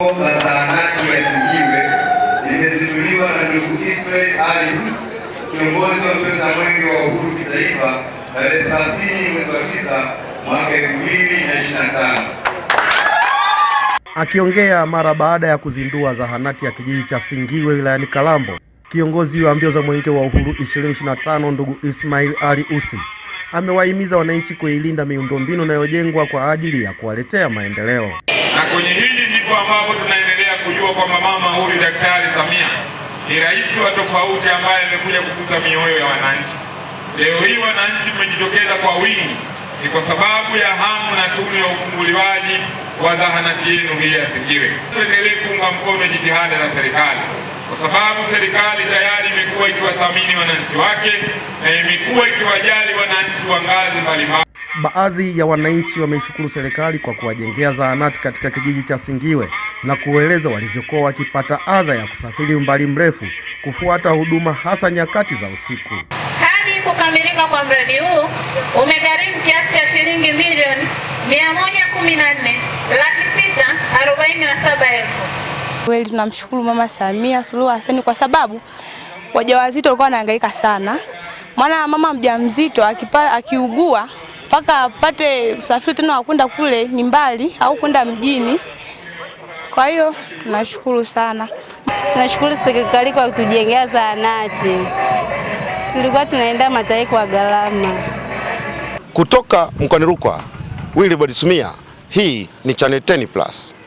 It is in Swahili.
la zahanati ya limezinduliwa na ndugu Ismail Ali kiongozi wa mwenge wa uhuru kitaifa, tarehe mwezi wa 9 mwaka Akiongea mara baada ya kuzindua zahanati ya kijiji cha Singiwe wilayani Kalambo, kiongozi wa mbio za mwenge wa uhuru 2025 ndugu Ismail Ali Usi amewahimiza wananchi kuilinda miundombinu inayojengwa kwa ajili ya kuwaletea maendeleo na kwenye hili ndipo ambapo tunaendelea kujua kwamba mama huyu Daktari Samia ni rais wa tofauti ambaye amekuja kukuza mioyo ya wananchi. Leo hii wananchi mmejitokeza kwa wingi, ni kwa sababu ya hamu na tunu ya ufunguliwaji wa zahanati yenu hii ya Singire. Tuendelee kuunga mkono jitihada za serikali, kwa sababu serikali tayari imekuwa ikiwathamini wananchi wake na imekuwa ikiwajali wananchi wa ngazi mbalimbali. Baadhi ya wananchi wameishukuru serikali kwa kuwajengea zahanati katika kijiji cha Singiwe na kueleza walivyokuwa wakipata adha ya kusafiri umbali mrefu kufuata huduma hasa nyakati za usiku. Hadi kukamilika kwa mradi huu umegharimu kiasi cha shilingi milioni 114 laki sita arobaini na saba elfu. Kweli tunamshukuru Mama Samia Suluhu Hassan kwa sababu wajawazito walikuwa wanahangaika sana, maana mama mjamzito akiugua mpaka apate usafiri tena wa kwenda kule, ni mbali au kwenda mjini. Kwa hiyo tunashukuru sana, tunashukuru serikali kwa kutujengea zahanati. Tulikuwa tunaenda Matai kwa gharama. Kutoka mkoani Rukwa, Wilibard Sumia, hii ni Channel 10 Plus.